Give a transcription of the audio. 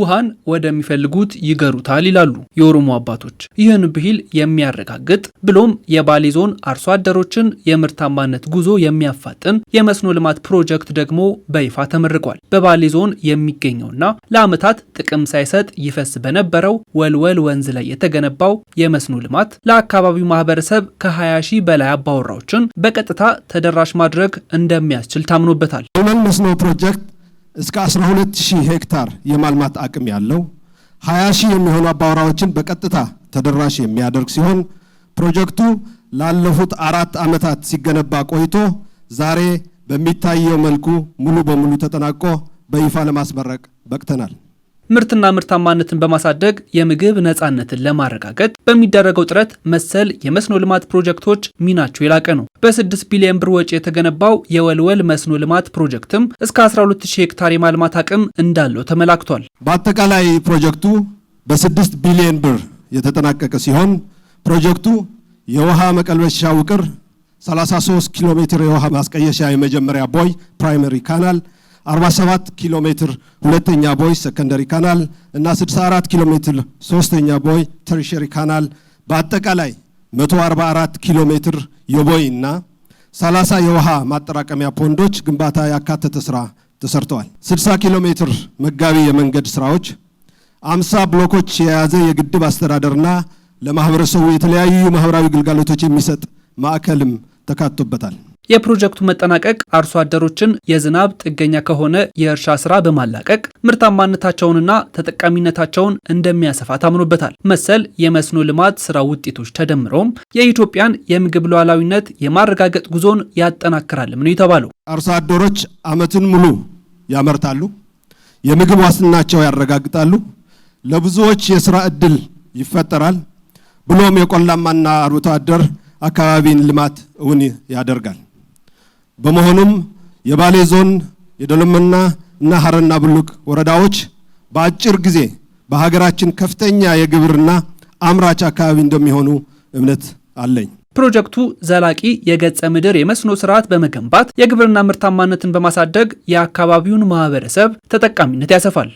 ውሃን ወደሚፈልጉት ይገሩታል ይላሉ የኦሮሞ አባቶች። ይህን ብሂል የሚያረጋግጥ ብሎም የባሌ ዞን አርሶ አደሮችን የምርታማነት ጉዞ የሚያፋጥን የመስኖ ልማት ፕሮጀክት ደግሞ በይፋ ተመርቋል። በባሌ ዞን የሚገኘውና ለዓመታት ጥቅም ሳይሰጥ ይፈስ በነበረው ወልወል ወንዝ ላይ የተገነባው የመስኖ ልማት ለአካባቢው ማህበረሰብ ከ20 ሺህ በላይ አባወራዎችን በቀጥታ ተደራሽ ማድረግ እንደሚያስችል ታምኖበታል። መስኖ ፕሮጀክት እስከ 12000 ሄክታር የማልማት አቅም ያለው 20 ሺህ የሚሆኑ አባወራዎችን በቀጥታ ተደራሽ የሚያደርግ ሲሆን ፕሮጀክቱ ላለፉት አራት ዓመታት ሲገነባ ቆይቶ ዛሬ በሚታየው መልኩ ሙሉ በሙሉ ተጠናቆ በይፋ ለማስመረቅ በቅተናል። ምርትና ምርታማነትን በማሳደግ የምግብ ነፃነትን ለማረጋገጥ በሚደረገው ጥረት መሰል የመስኖ ልማት ፕሮጀክቶች ሚናቸው የላቀ ነው። በ6 ቢሊዮን ብር ወጪ የተገነባው የወልወል መስኖ ልማት ፕሮጀክትም እስከ 120 ሄክታር የማልማት አቅም እንዳለው ተመላክቷል። በአጠቃላይ ፕሮጀክቱ በ6 ቢሊዮን ብር የተጠናቀቀ ሲሆን ፕሮጀክቱ የውሃ መቀልበሻ ውቅር፣ 33 ኪሎ ሜትር የውሃ ማስቀየሻ የመጀመሪያ ቦይ ፕራይመሪ ካናል 47 ኪሎ ሜትር ሁለተኛ ቦይ ሰከንደሪ ካናል እና 64 ኪሎ ሜትር ሶስተኛ ቦይ ተርሸሪ ካናል በአጠቃላይ 144 ኪሎ ሜትር የቦይ እና 30 የውሃ ማጠራቀሚያ ፖንዶች ግንባታ ያካተተ ስራ ተሰርተዋል። 60 ኪሎ ሜትር መጋቢ የመንገድ ስራዎች፣ 50 ብሎኮች የያዘ የግድብ አስተዳደርና ለማህበረሰቡ የተለያዩ ማህበራዊ ግልጋሎቶች የሚሰጥ ማዕከልም ተካቶበታል። የፕሮጀክቱ መጠናቀቅ አርሶ አደሮችን የዝናብ ጥገኛ ከሆነ የእርሻ ስራ በማላቀቅ ምርታማነታቸውንና ተጠቃሚነታቸውን እንደሚያሰፋ ታምኖበታል። መሰል የመስኖ ልማት ስራ ውጤቶች ተደምረውም የኢትዮጵያን የምግብ ሉዓላዊነት የማረጋገጥ ጉዞን ያጠናክራልም ነው የተባለው። አርሶ አደሮች አመትን ሙሉ ያመርታሉ፣ የምግብ ዋስትናቸው ያረጋግጣሉ፣ ለብዙዎች የስራ እድል ይፈጠራል፣ ብሎም የቆላማና አርብቶ አደር አካባቢን ልማት እውን ያደርጋል። በመሆኑም የባሌ ዞን የደሎመና እና ሀረና ብሉቅ ወረዳዎች በአጭር ጊዜ በሀገራችን ከፍተኛ የግብርና አምራች አካባቢ እንደሚሆኑ እምነት አለኝ። ፕሮጀክቱ ዘላቂ የገጸ ምድር የመስኖ ስርዓት በመገንባት የግብርና ምርታማነትን በማሳደግ የአካባቢውን ማህበረሰብ ተጠቃሚነት ያሰፋል።